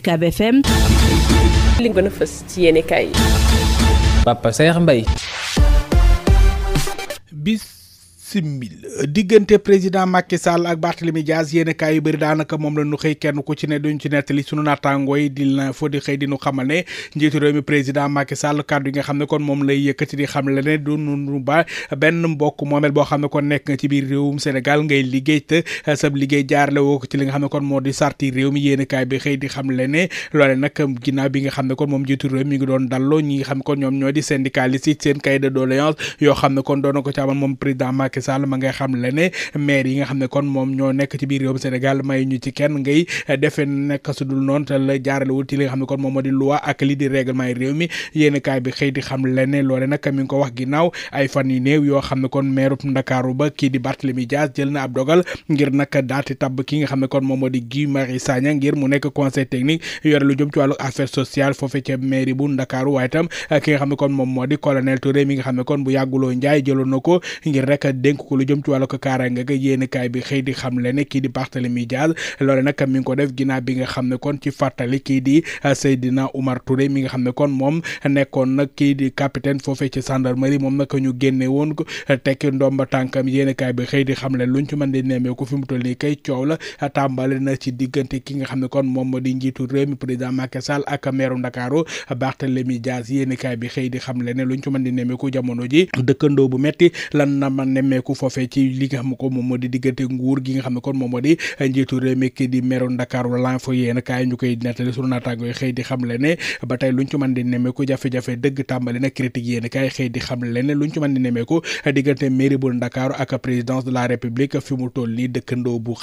UCAB FM li gën a fës ci yéene kaay Papa Saer Mbaye bis simil diggante président Macky Sall ak Barthélemy Dias yéen kaay yu bëri daanaka moom la ñu xëy kenn ku ci ne duñ ci nettali sunu naataangoo yi di l'info di xëy di nu xamal ne njiitu réew mi président Macky Sall kàddu yi nga xam ne kon moom lay yëkkati di xam le ne du nu ba benn mbokk moomel boo xam ne kon nekk ci biir réewum Sénégal ngay liggéey te eh, sab liggéey jaarale woo ko ci li nga xam ne kon moo di sarti réew mi yéen kaay bi xëy di xam le ne loole nag ginnaaw bi nga xam ne kon moom njiitu réew mi ngi doon dalloo ñi nga xam ne kon ñoom ñoo di syndicaliste seen cahier de doléance yoo xam ne kon doona ko ci amal moom Macky Sall ma ngay xam le ne maire yi nga xam ne kon moom ñoo nekk ci biir réewum Sénégal may ñu ci kenn ngay defee nekk su dul noonu te la xam ne kon moom moo mi yéen kaay bi xëy di xam le fan yu néew yoo xam ne kon maire Ndakaaru ba kii di Barthélemy Dias jël na ab dogal ngir nag daati tabb ki nga xam ne kon moom moo di Guy Marius Sagna mu nekk conseil technique yore lu jëm ci wàllu affaire sociale foofe ca mairie bu Ndakaaru waaye tam ki nga xam ne kon moom moo di colonel Touré mi nga xam ne kon bu yàgguloo Njaay jëloon na ko ngir rek dénk ko lu jëm ci wàllu ko kaaraange ga yéen xam le ne kii di Barthélemy Diaz loole nag mi di euh, Seydina Oumar Touré mi nga xam ne kon moom nekkoon nag kii di capitaine foofee ci gendarmerie moom nag ñu génne woon ko tekki ndomba tànkam yéen kaay bi xëy di xam le luñ ci mën di neemee fi mu toll nii kay coow la tàmbale na ci ki nga xam ne kon moom moo di njiitu réew mi président Macky Sall ak meeru Ndakaaru Barthélemy Diaz yéen kaay bi di xam le ne luñ ci mën di neemee ko jamono ji dëkkandoo bu metti lan na man nemmee nemmeeku foofee ci li nga xam ne ko moom moo di diggante nguur gi nga xam ne kon moom moo di njiitu réew mi ki di meeru Ndakaaru l'info na critique yéen kaay xëy di xam bu Ndakaaru ak présidence la République fi mu toll nii dëkkandoo bu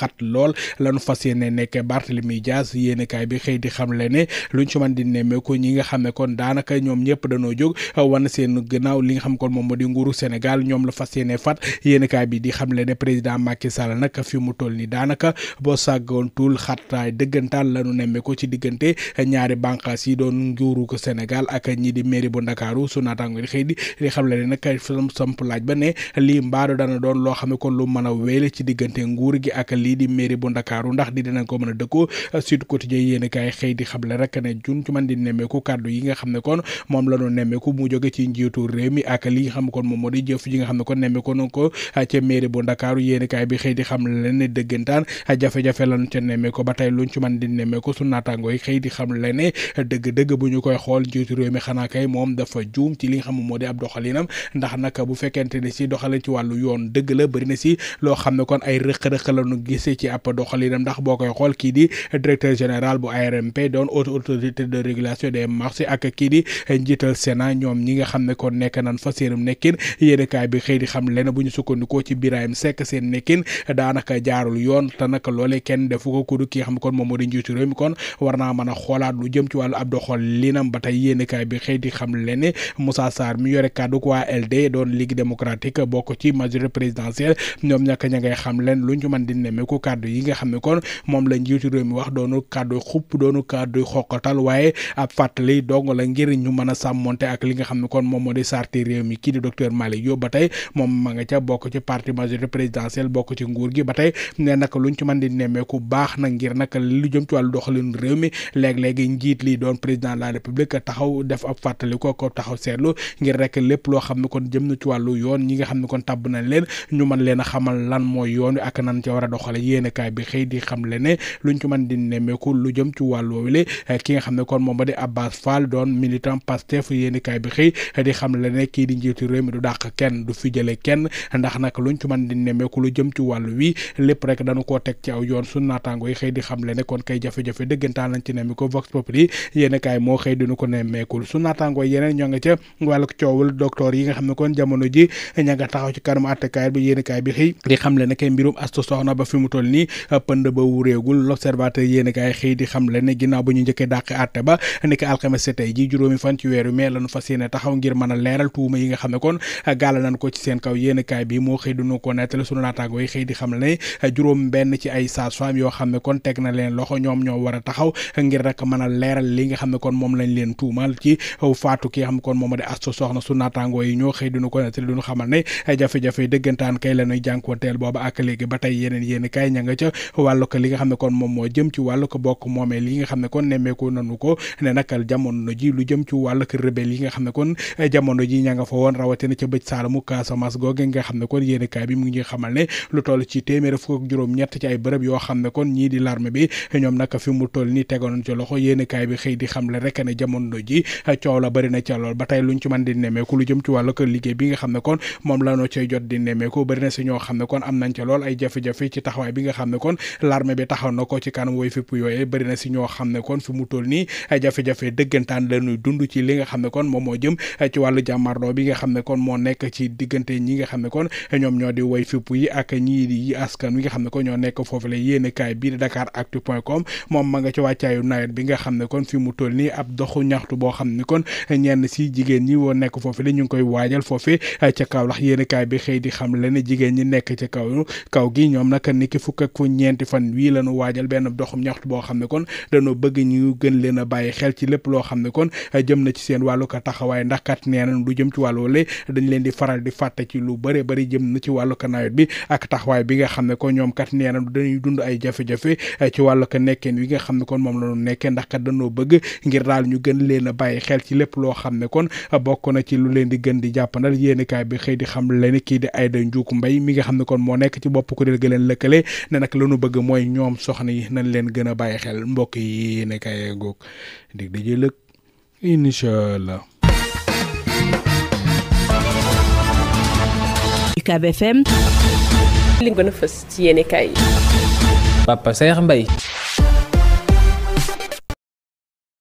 kaay bi xëy di xam le ne luñ ci mën di nemmeeku ñi nga xam ne kon daanaka ñoom ñëpp dañoo jóg wan seen gannaaw li nga xam kon moom moo di nguuru Sénégal ñoom la fas yéene fat yéenekaay bi di xamle ne président Macky Sall nag fi mu toll nii daanaka boo sàggoontul xattaay dëggantaan la nu nemmeeku ci diggante ñaari bànqaas yi doon nguuru ko Sénégal ak ñi di mairie bu Ndakaaru su naataango xëy di di xamle ne nag samp laaj ba ne lii mbaado dana doon loo xam ne kon lu mën a weele ci diggante nguur gi ak lii di mairie bu Ndakaaru ndax di dinañ ko mën a dëkkoo Sud Quotidien yéenekaay xëy di xamle rek ne jun ci man di nemmeeku kàddu yi nga xam ne kon moom la nu nemmeeku mu jóge ci njiitu réew mi ak li nga xam kon moom moo di jëf ji nga xam ne kon nemmeeku na ko ca mairie bu Ndakaaru yéenekaay bi xëy di xam leen ne dëggantaan jafe-jafe lan ca nemmee ko ba tey luñ ci mën di nemmee ko su naataangoo yi xëy di xam leen ne dëgg njiitu réew mi xanaa kay moom dafa juum ci li nga moo di ab doxalinam ndax nag bu fekkente ne si doxalin ci wàllu yoon dëgg la bëri na si loo xam ne kon ay rëq-rëq la ñu gisee ci ab doxalinam ndax boo koy xool kii di directeur général bu ARMP doon autorité de régulation des marchés ak kii di njiital Sénat ñoom ñi nga xam ne kon nekk nan fa séenam sukkandikoo ci Birahim Seck seen nekkin naka jaarul yoon te nag loolee kenn defu ko kudu ki nga xam ne kon moom moo di njiitu réew mi kon war naa mën a xoolaat lu jëm ci wàllu ab doxal linam ba tey yéenekaay bi xëy di xam leen ne Moussa Sarr mi yore kàddu waa LD doon Ligue démocratique bokk ci majorité présidentielle ñoom ñàkk ña ngay xam leen luñ ci mën di nemmeeku kàddu yi nga xam ne kon moom la njiitu réew mi wax doonu kàddu xupp doonu kàddu xoqatal waaye ab fàttali dong la ngir ñu mën a sàmmonte ak li nga xam ne kon moom moo di sarti réew mi kii di docteur Malick Diop ba tey moom ma nga ca bokk ci parti majorité présidentielle bokk ci nguur gi ba tey ne nag luñ ci mën di nemmeeku baax na ngir nag lu jëm ci wàllu doxalin réew mi léeg-léegi njiit li doon président de la république taxaw def ab fàttali ko ko taxaw seetlu ngir rek lépp loo xam ne kon jëm na ci wàllu yoon ñi nga xam ne kon tàbb nañ leen ñu mën leen a xamal lan mooy yoon wi ak nan ca war a doxale yéenekaay bi xëy di xam le ne luñ ci mën di nemmeeku lu jëm ci wàllu woowule eh, ki nga xam ne kon moom ba di Abbas Fall doon militant Pastef yéenekaay bi xëy di xam le ne kii di njiitu réew mi du dàq kenn du fi kenn ndax nag luñ ci mën di nemmeeku lu jëm ci wàllu wi lépp rek dañu koo teg ci aw yoon suñu naataango yi xëy di xamle ne kon kay jafe-jafe dëggantaan lañ kaay bi xëy di xamle ne kay mbirum astu soxna ba fi mu toll nii pënd ba wuréegul l'observateur yéen xëy di xamle ne ginnaaw bu ñu njëkkee dàq atte ba ni ki alxames si tey ji juróomi fan ci weeru mai lañu fas taxaw ngir mën a leeral tuuma yi nga xam kon gàll nañ ko ci seen kaw yéen bi moo xëy dunu ko nettali sunu naataango yi xëy di xam ne juróom benn ci ay sages-femmes yoo xam ne kon teg na leen loxo ñoom ñoo war a taxaw ngir rek mën a leeral li nga xam ne kon moom lañ leen tuumal ci faatu la ñuy jànkuwanteel booba ak léegi ba tey yeneen yéen kay ña moo jëm ci wàllu ko bokk moomee li nga xam kon nemmeeku nanu ko ne nakal jamono ji lu jëm ci wàllu ko rebel yi nga xam kon jamono ji ña nga fa woon rawatina ca bëj saalamu Casamance googe nga xam xam ne kon yéenekaay bi mu ngi xamal ne lu toll ci téeméer fukk ak juróom-ñett ci ay bërëb yoo xam ne kon ñii di l'armée bi ñoom nag fi mu toll nii tegoon ci loxo yéenekaay bi xëy di xam le rek ne jamono ji coow la bëri na ca lool ba tey luñ ci mën di nemmeeku lu jëm ci wàllu liggéey bi nga xam ne kon la noo cay na si ñoo xam ne kon am nañ ca lool ay jafe ko na si ñoo xam ne kon fi mu li nga xam ne kon moom moo jëm ci wàllu jàmmarloo bi nga xam ne kon moo nekk ci diggante ñi nga xam ne kon Sénégal ñoom ñoo di way fipp yi ak ñii di askan wi nga xam ne ko ñoo nekk foofu la yéene kaay bii di dakaractu.com moom ma nga ci wàccaayu nawet bi nga xam ne kon fi mu toll nii ab doxu ñaxtu boo xam ne kon ñenn si jigéen ñi woo nekk foofu la ñu ngi koy waajal foofu ca Kaolack yéene kaay bi xëy di xam leen jigéen ñi nekk ca kaw kaw gi ñoom nag niki fukk ak ñeenti fan wii lañu waajal benn doxum ñaxtu boo xam ne kon dañoo bëgg ñu gën leen a bàyyi xel ci lépp loo xam ne kon jëm na ci seen wàllu ko taxawaay ndax kat nee nañ lu jëm ci wàllu dañ leen di faral di fàtte ci lu bëre bëri bëri jëm na ci wàllu ka nawet bi ak taxawaay bi nga xam ne ko ñoom kat nee dañuy dund ay jafe-jafe eh, ci wàllu ka nekkeen nga xam ne kon moom la ñu nekkee ndax kat dañoo bëgg ngir daal ñu gën leen a bàyyi xel ci lépp loo xam ne kon bokk na ci lu leen di gën di jàppandal yéenekaay bi xëy di xam leen kii di Aïda Ndiouk Mbaye mi nga xam ne kon moo nekk ci bopp ko ga leen lëkkale ne nag lañu bëgg mooy ñoom soxna yi nañ leen gën a bàyyi xel mbokk yi yéenekaay goog dig daje lëg incha UCAB FM li gën Papa Saer Mbaye